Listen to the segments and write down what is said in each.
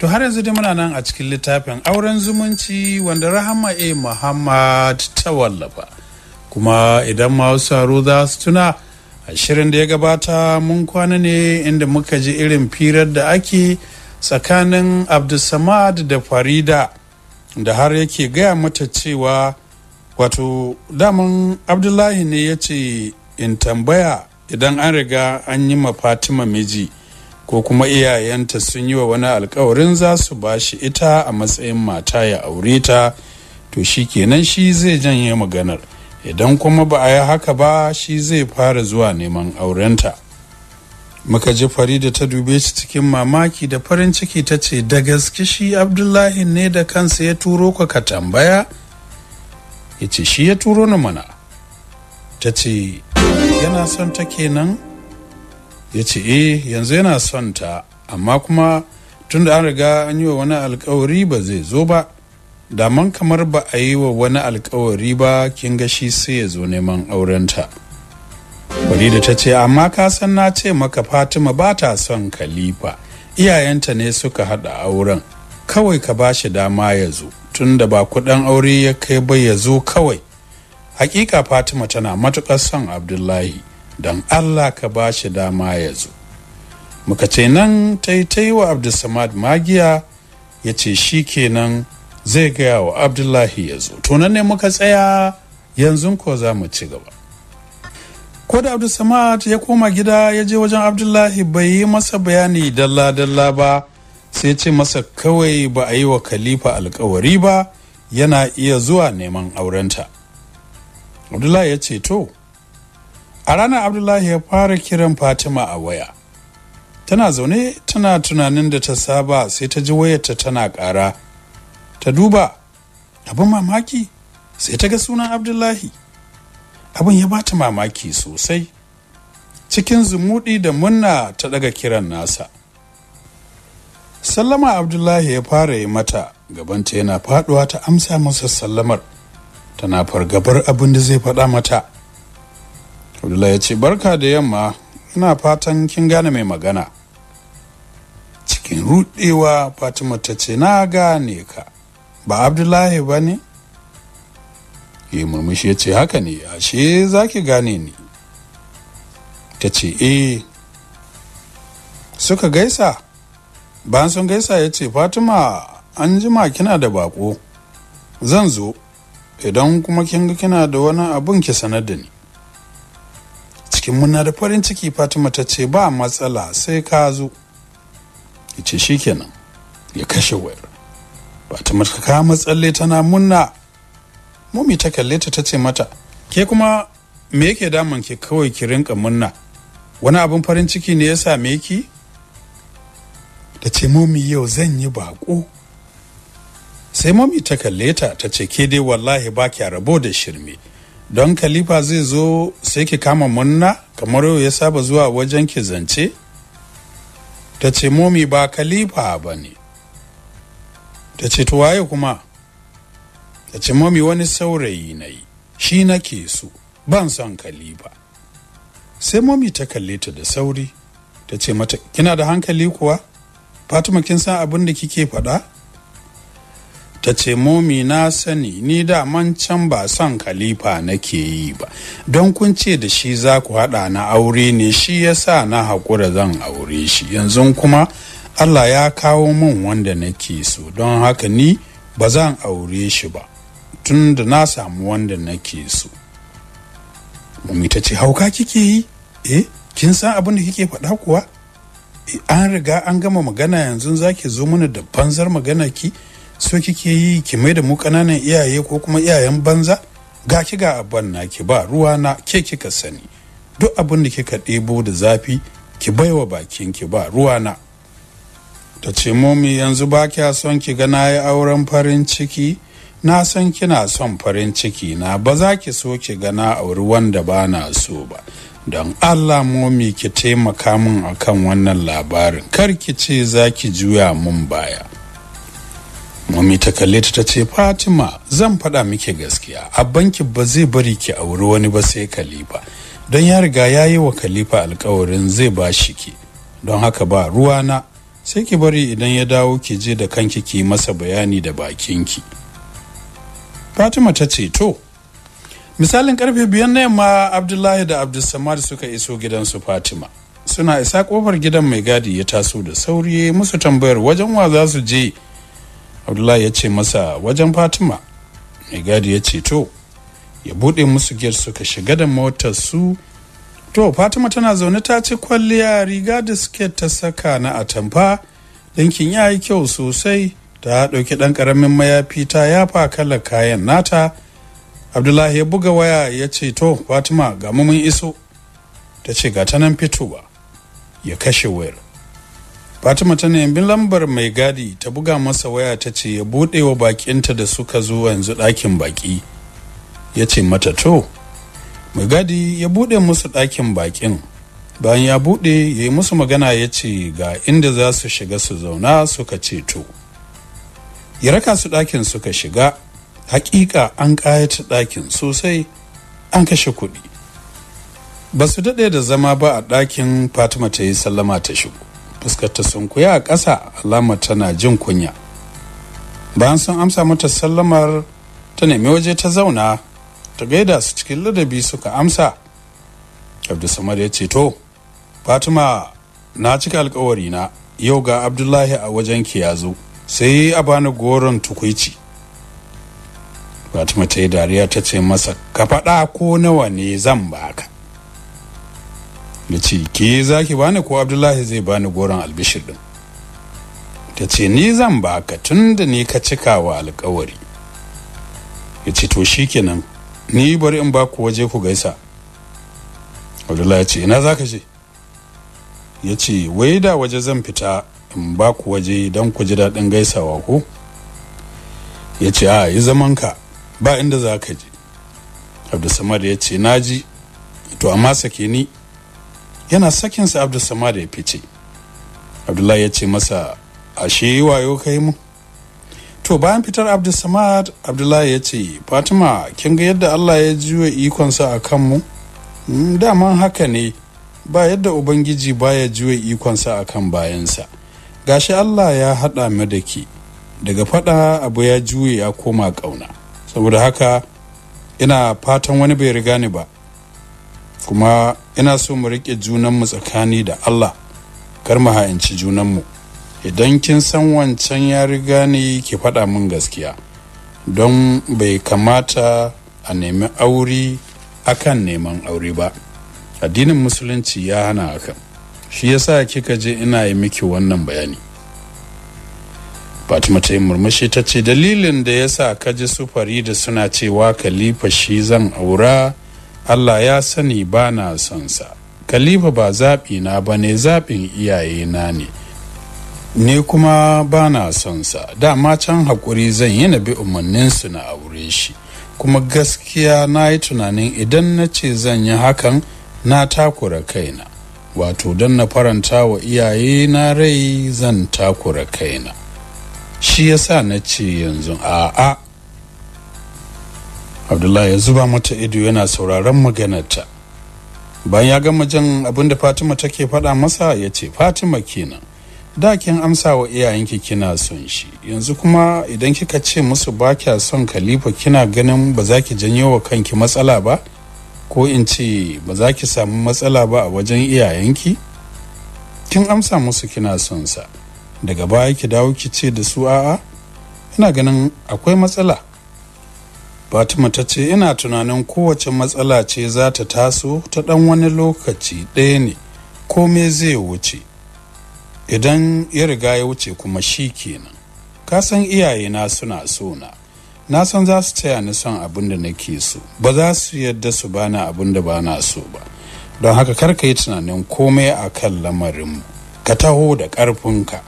To har yanzu dai muna nan a cikin littafin auren zumunci wanda Rahama A. Muhammad ta wallafa. Kuma idan masu za su tuna a shirin da ya gabata mun kwana ne inda muka ji irin firar da ake tsakanin Abdulsamad da Farida da har yake gaya mata cewa wato daman Abdullahi ne ya ce in tambaya idan an riga an yi ma Fatima miji. ko kuma iyayenta sun yi wa wani alkawarin za su ba shi ita a matsayin mata ya aure ta to shi kenan shi zai janye maganar idan kuma ba a yi haka ba shi zai fara zuwa neman aurenta muka ji farida ta dube shi cikin mamaki da farin ciki ta ce da gaske shi abdullahi ne da kansa ya turo ka ka tambaya ya ce shi ya turo ni mana ta ce yana son ta kenan ya ce eh yanzu yana son ta amma kuma tun da an riga an yi wa wani alkawari ba zai zo ba daman kamar ba a yi wa wani alkawari ba kin ga shi sai ya zo neman aurenta farida ta ce amma ka san na ce maka fatima ba ta son khalifa iyayenta ne suka hada auren kawai ka ba shi dama ya zo tun da ba kuɗin aure ya kai ba ya zo kawai hakika fatima tana matuƙar son abdullahi Dan allah ka ba shi dama ya zo muka ce nan yi wa abdulsamad magiya ya ce shi kenan zai gaya wa abdullahi ya zo tunan ne muka tsaya yanzu ko za mu ci gaba ko da abdulsamad ya koma gida ya je wajen abdullahi bai yi masa bayani dalla-dalla ba sai ce masa kawai ba a yi wa khalifa alkawari ba yana iya zuwa neman aurenta abdullahi ya ce to a ranar abdullahi ya fara kiran fatima a waya tana zaune tana tunanin da ta saba sai ta ji wayarta tana ƙara ta duba abin mamaki sai ta ga sunan abdullahi abin ya bata mamaki sosai cikin zumudi da munna ta daga kiran nasa sallama abdullahi ya fara yi mata gabanta yana faduwa ta amsa masa sallamar tana fargabar abin da zai faɗa mata Abdullahi ya ce barka da yamma ina fatan kin gane mai magana cikin ruɗewa fatima ta ce na gane ka ba abdullahi ba ne ya murmushi ya ce haka ne ashe za ki gane ni ta ce eh suka gaisa bayan sun gaisa ya ce fatima an jima kina da baƙo. zan zo idan kuma kin ga kina da wani abun ki sanar da ni cikin muna da farin ciki fatima ta ce ba matsala sai ka zo ya ce shikenan ya kashe wayar fatima ta kawo matsalle tana muna mumi ta kalle ta ta ce mata ke kuma me yake damun ke kawai ki rinka munna wani abin farin ciki ne ya same ki ta ce mumi yau zan yi bako sai Mummi ta kalle ta ta ce ke dai wallahi ba kya rabo da shirme don khalifa zai zo sai ki kama munna kamar yau ya saba zuwa wajen ki zance ta ce momi ba khalifa ba ne ta ce waye kuma ta ce momi wani saurayi na yi shi nake so ban son khalifa sai momi ta kalle ta da sauri ta ce mata kina da hankali kuwa fatima kin san abin da kike faɗa ta ce momi na sani ni da man can ba son khalifa nake yi ba don kun ce da shi za ku haɗa na aure ne shi ya sa na haƙura zan aure shi yanzu kuma allah ya kawo min wanda nake so don haka ni ba zan aure shi ba tun da na samu wanda nake so momi ta ce hauka kike yi eh kin san abin da kike faɗa kuwa eh, an riga an gama magana yanzu zaki zo mana da banzar magana ki so kike yi ki mai da mu ƙananan iyaye ko kuma iyayen banza ga ki ga abban na ki ba ruwa na ke kika sani duk abin da kika ɗebo da zafi ki baiwa bakin ki ba ruwa na ta ce momi yanzu ba kya son ki ga na yi auren farin ciki na san kina son farin ciki na ba za ki so ki ga na auri wanda ba na so ba don allah momi ki taimaka min akan wannan labarin kar ki ce za ki juya mun baya mami ta kalle ta ta ce fatima zan faɗa miki gaskiya a banki ba zai bari ki auri wani ba sai khalifa don ya riga ya yi wa khalifa alkawarin zai ba shi ki don haka ba ruwana sai ki bari idan ya dawo ki je da kanki ki masa bayani da bakinki fatima ta ce to misalin karfe biyan na yamma abdullahi da abdulsamad suka iso gidansu fatima suna isa kofar gidan mai gadi ya taso da sauri musu tambayar wajen wa za su je abdullahi ya ce masa wajen fatima mai gadi ya ce to ya buɗe musu giyar suka shiga da motar su to fatima tana zaune ta ci kwalliya riga da siket ta saka na atamfa dinkin ya yi kyau sosai ta ɗauki ɗan ƙaramin mayafi ta yafa kala kayan nata abdullahi ya buga waya ya ce to fatima ga mun iso ta ce ga ta nan fitowa ya kashe wayar fatima ta nemi lambar mai gadi ta buga masa waya ta ce ya buɗe wa bakinta da suka zo yanzu ɗakin baƙi, ya ce mata to mai gadi ya buɗe musu ɗakin baƙin bayan ya buɗe ya yi musu magana ya ce ga inda za su shiga su zauna suka ce to ya raka su ɗakin suka shiga hakika an ƙayata ɗakin sosai an kashe kuɗi ba su daɗe da zama ba a ɗakin fatima ta yi sallama ta shigo fuskar ta sunkuya a ƙasa alamar tana jin kunya bayan sun amsa mata sallamar ta nemi waje ta zauna ta gaida su cikin ladabi suka amsa abdulsamad ya ce to fatima na cika alkawari na yau ga abdullahi a wajen ki ya zo sai a bani goron tukuici fatima ta yi dariya ta ce masa ka faɗa ko nawa ne zan baka ya ce ke za ki bani ko abdullahi zai bani goron albishir din ta ce ni zan baka tun da ni ka cika wa alkawari ya ce to shi kenan ni bari in ba ku waje ku gaisa abdullahi ya ce ina za ka je ya ce wai da waje zan fita in ba ku waje don ku ji daɗin gaisawa ku. ya ce a yi zamanka ba inda za ka je samar ya ce na ji to amma sake ni yana sakinsa abdulsamad ya fice abdullahi ya ce masa ashe wayo kai mu to bayan fitar abdulsamad abdullahi ya ce fatima kin ga yadda allah ya juya ikonsa a kanmu mm, daman haka ne ba yadda ubangiji baya juya ikonsa a kan bayansa gashi allah ya haɗa mu da ke daga faɗa abu ya juye ya koma ƙauna saboda haka ina fatan wani bai riga ni ba kuma ina so mu riƙe junanmu tsakani da allah kar mu ha'inci junanmu idan kin san wancan ya riga ni ki faɗa min gaskiya don bai kamata a nemi aure akan neman aure ba addinin musulunci ya hana hakan shi yasa kika je ina yi miki wannan bayani fatima ta yi murmushi ta ce dalilin da yasa ka ji sufari da suna cewa khalifa shi zan aura allah ya sani ba na son sa ba zaɓi na ba ne zaɓin iyaye na ne Ne kuma ba na son sa dama can haƙuri zan yi na bi umarninsu na aure shi kuma gaskiya na yi tunanin idan na ce zan yi hakan na takura kaina wato don na faranta wa iyaye na rai zan takura kaina shi yasa na ce yanzu a'a abdullahi ya zuba mata ido yana sauraron maganarta bayan ya gama majan abin da fatima take faɗa masa ya ce fatima kenan da kin amsa wa iyayenki kina son shi yanzu kuma idan kika ce musu ba kya son khalifa kina ganin ba za ki janyo wa kanki matsala ba ko in ce ba za ki samu matsala ba a wajen iyayenki kin amsa musu kina son sa daga baya ki dawo ki ce da su a'a ina ganin akwai matsala fatima ta ce ina tunanin kowace matsala ce za ta taso ta ɗan wani lokaci ɗaya ne kome zai wuce idan ya riga ya wuce kuma shi kenan ka san na suna so na na san za su taya ni son abin da nake so ba za su yadda su bani abin da ba na so ba don haka kar ka yi tunanin komai a kan lamarin ka taho da ƙarfinka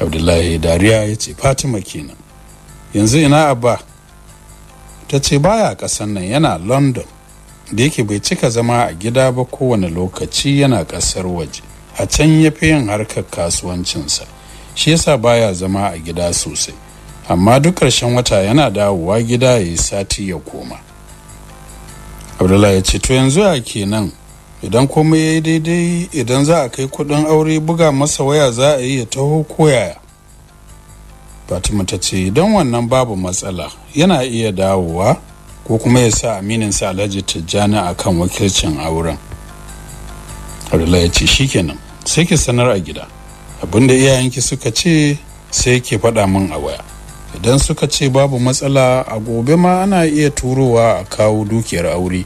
abdullahi dariya ya ce fatima kenan yanzu ina abba ta ce baya ƙasan nan yana london da yake bai cika zama a gida ba kowane lokaci yana ƙasar waje a can ya fi yin harkar kasuwancinsa shi yasa baya zama a gida sosai amma duk ƙarshen wata yana dawowa gida ya yi sati ya koma abdullahi ya ce to yanzu a kenan idan komai ya yi daidai idan za a kai kudin aure buga masa waya za a yi ya taho koyaya fatima ta ce don wannan babu matsala yana iya dawowa ko kuma ya sa aminin sa alhaji tijjani a kan wakilcin auren Abdullahi ya ce shikenan sai ki sanar a gida abinda iyayenki suka ce sai ki faɗa min a waya idan suka ce babu matsala a gobe ma ana iya turowa a kawo dukiyar aure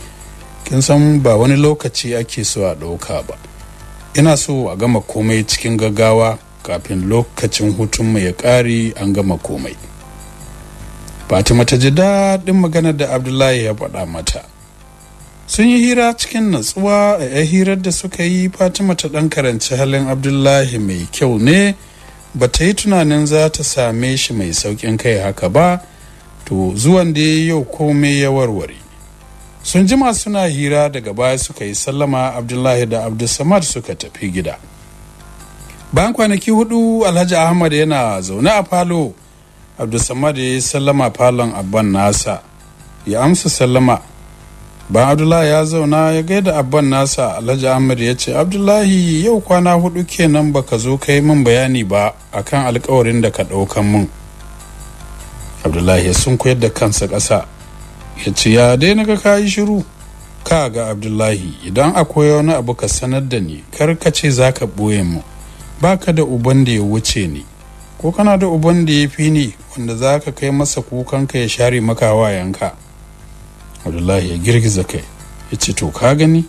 kin san ba wani lokaci ake so a ɗauka ba ina so a gama komai cikin gaggawa kafin lokacin hutunmu ya ƙare an gama komai fatima ta ji daɗin maganar da abdullahi ya faɗa mata sun yi hira cikin natsuwa a yan hirar da suka yi fatima ta ɗan karanci halin abdullahi mai kyau ne ba ta yi tunanin za ta same shi mai sauƙin kai haka ba to zuwan da yau komai ya warware sun jima suna hira daga baya suka yi sallama abdullahi da abdulsamad suka tafi gida bayan kwanaki hudu alhaji ahmad yana zaune a falo abdulsamad ya yi sallama falon abban nasa ya amsa sallama Ban abdullahi ya zauna ya gaida abban nasa alhaji ahmad ya ce abdullahi yau kwana hudu kenan baka zo kai min bayani ba akan alkawarin da ka ɗaukan min abdullahi ya sun koyar da kansa ƙasa ya ce ya daina ga kayi shiru ka ga abdullahi idan akwai wani abu ka sanar da ni kar ka ce za ka ɓoye mu baka da uban da ya wuce ni ko kana da uban da ya fi ni wanda za ka kai masa kukanka ya share maka wayanka abdullahi ya girgiza kai ya ce to ka gani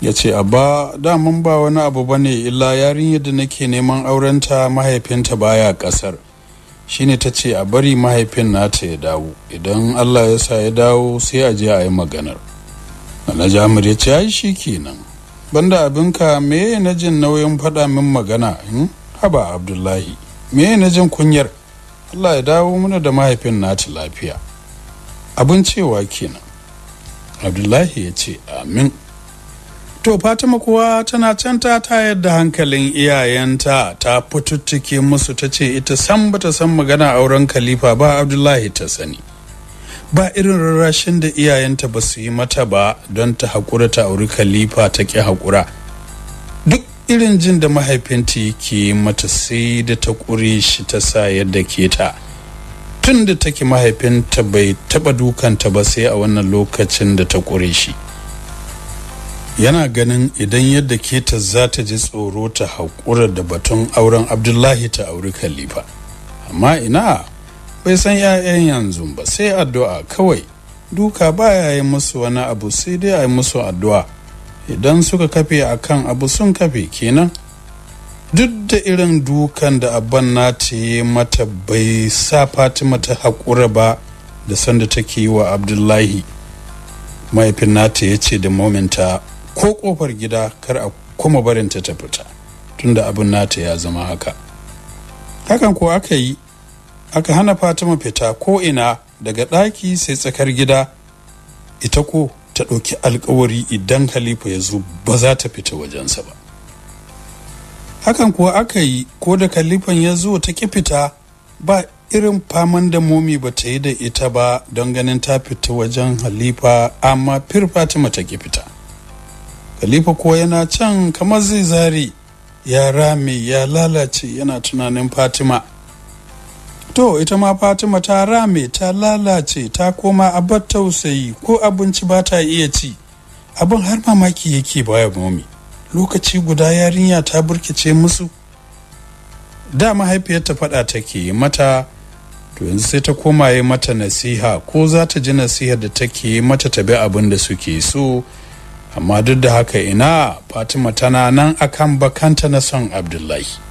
ya ce abba daman ba wani abu ba ne illa yarinyar da nake neman aurenta mahaifinta baya kasar shine ta ce a bari mahaifin nata ya dawo idan allah ya sa ya dawo sai a je a yi maganar alhaji amur ya ce shi kenan banda abinka me na jin nauyin faɗa min magana in hmm? haba abdullahi me na jin kunyar allah ya dawo mana da mahaifin nata lafiya abin cewa kenan abdullahi ya ce amin to fatima kuwa tana can ta tayar da hankalin iyayenta ta fututtuke musu ta ce ita san bata san magana auren khalifa ba abdullahi ta sani ba irin rarrashin da iyayenta ba su yi mata ba don ta haƙura ta auri kalifa ta ƙi haƙura duk irin jin da mahaifinta yake mata sai da ta ƙure shi ta sa yadda ke ta tun da take mahaifinta bai taɓa dukanta ba sai a wannan lokacin da ta ƙure shi yana ganin idan yadda ke ta za ta ji tsoro ta haƙura da batun auren abdullahi ta auri kalifa amma ina bai san 'ya'yan yanzu ba sai addu'a kawai duka ba ya yi musu wani abu sai dai a yi musu addu'a idan suka kafe a kan abu sun kafe kenan duk da irin dukan da abban ta yi mata bai sa fatima ta haƙura ba da sanda take yi wa abdullahi mahaifin nata ya ce da mominta ko kofar gida kar a kuma barinta ta fita tunda abin nata ya zama haka hakan ko aka yi aka hana fatima fita ko ina daga ɗaki sai tsakar gida ita ko ta ɗauki alkawari idan Khalifa ya zo ba za ta fita wajensa ba hakan kuwa aka yi ko da khalifan ya zo ta ki fita ba irin faman da momi ba ta yi da ita ba don ganin ta fita wajen halifa amma fir fatima ta ki fita khalifa kuwa yana can kamar zai zari ya rame ya lalace yana tunanin fatima to ita ma fatima ta rame ta lalace ta koma abar tausayi ko abinci ba ta iya ci abin har mamaki yake baya momi lokaci guda yarinya ta burkice musu da mahaifiyarta faɗa take mata to yanzu sai ta koma yi mata nasiha ko za ta ji nasihar da take mata ta bi abin da suke so amma duk da haka ina fatima tana nan akan bakanta na son abdullahi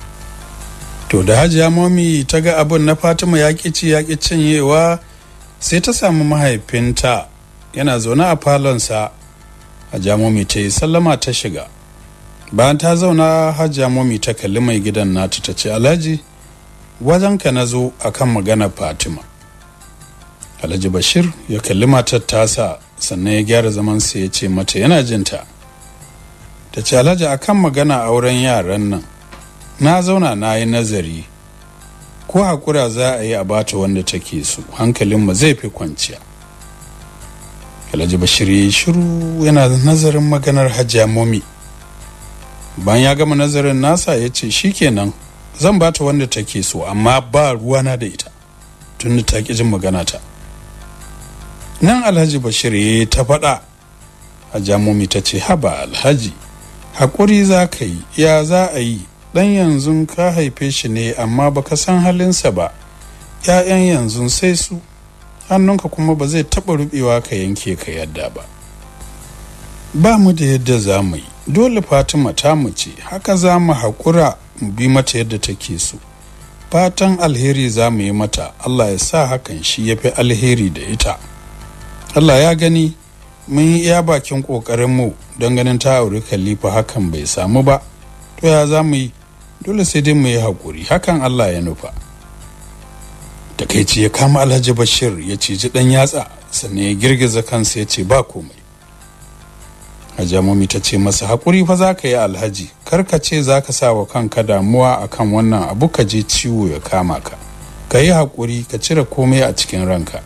to da hajiya momi ta ga abin na fatima ya ci ya cinyewa sai ta samu mahaifinta yana zaune a falonsa hajiya momi ta yi sallama ta shiga bayan ta zauna hajiya momi ta kalli mai gidan nata ta ce alhaji wajenka na zo akan magana fatima alhaji bashir ya kalli matar tasa sannan ya gyara zamansa ya ce mata yana jinta ta ce alhaji akan magana auren yaran nan na zauna na yi nazari ko haƙura za a yi a bata wanda take so hankalinmu zai fi kwanciya alhaji bashir ya shiru yana nazarin maganar hajiya momi bayan ya gama nazarin nasa ya ce shikenan zan bata wanda take so amma ba ruwa na da ita tun da ta ƙi jin magana ta nan alhaji bashir ya ta faɗa hajiya momi ta ce haba alhaji haƙuri za ka yi ya za a yi dan yanzu ka haife shi ne amma baka san halinsa ba ‘ya'yan yanzu sai su hannunka kuma ba zai taɓa rubewa ka yanke ka yadda ba ba mu da yadda za mu yi dole fatima ta mu ce haka za mu haƙura mu bi mata yadda take so fatan alheri za mu yi mata allah ya sa hakan shi ya fi alheri da ita allah ya gani mun yi iya bakin mu don ganin ta auri khalifa hakan bai samu ba to ya za mu yi dole sai dai mu yi haƙuri hakan allah ya nufa takaici ya kama alhaji bashir ya ciji ɗan yatsa sannan ya girgiza kansa ya ce ba komai hajjamami ta ce masa haƙuri fa za ka yi alhaji kar ka ce za ka sa wa kanka damuwa a kan wannan abu ka je ciwo ya kama ka ka yi haƙuri ka cire komai a cikin ranka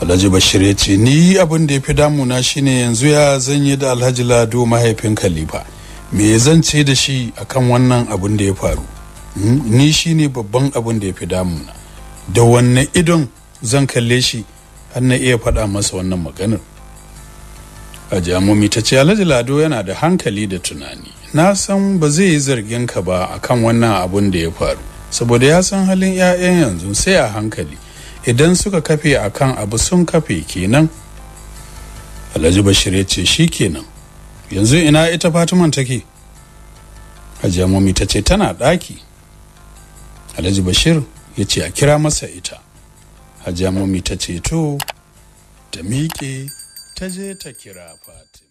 alhaji bashir ya ce ni abin da ya fi damuna shine yanzu ya zanyi da alhaji lado mahaifin khalifa me zan ce da shi akan wannan abun da ya faru hmm? ni shine babban abun da ya fi damuna da wanne idon zan kalle shi har na iya faɗa masa wannan maganar a jamomi ta ce alhaji lado yana da hankali da tunani na san ba zai yi zargin ka ba akan wannan abun da ya faru saboda ya san halin 'ya'yan yanzu sai a hankali idan suka kafe akan abu sun kafe kenan alhaji bashir ya ce shi kenan yanzu ina ita fatiman take hajiya Mami ta ce tana daki. alhaji bashir ya ce a kira masa ita hajiya Mami ta ce to ta miƙe ta je ta kira fatima